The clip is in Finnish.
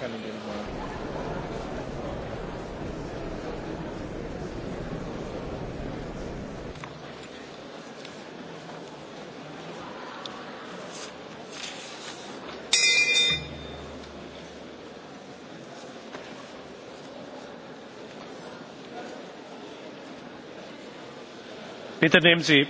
kan inte enää. Bitte nehmen Sie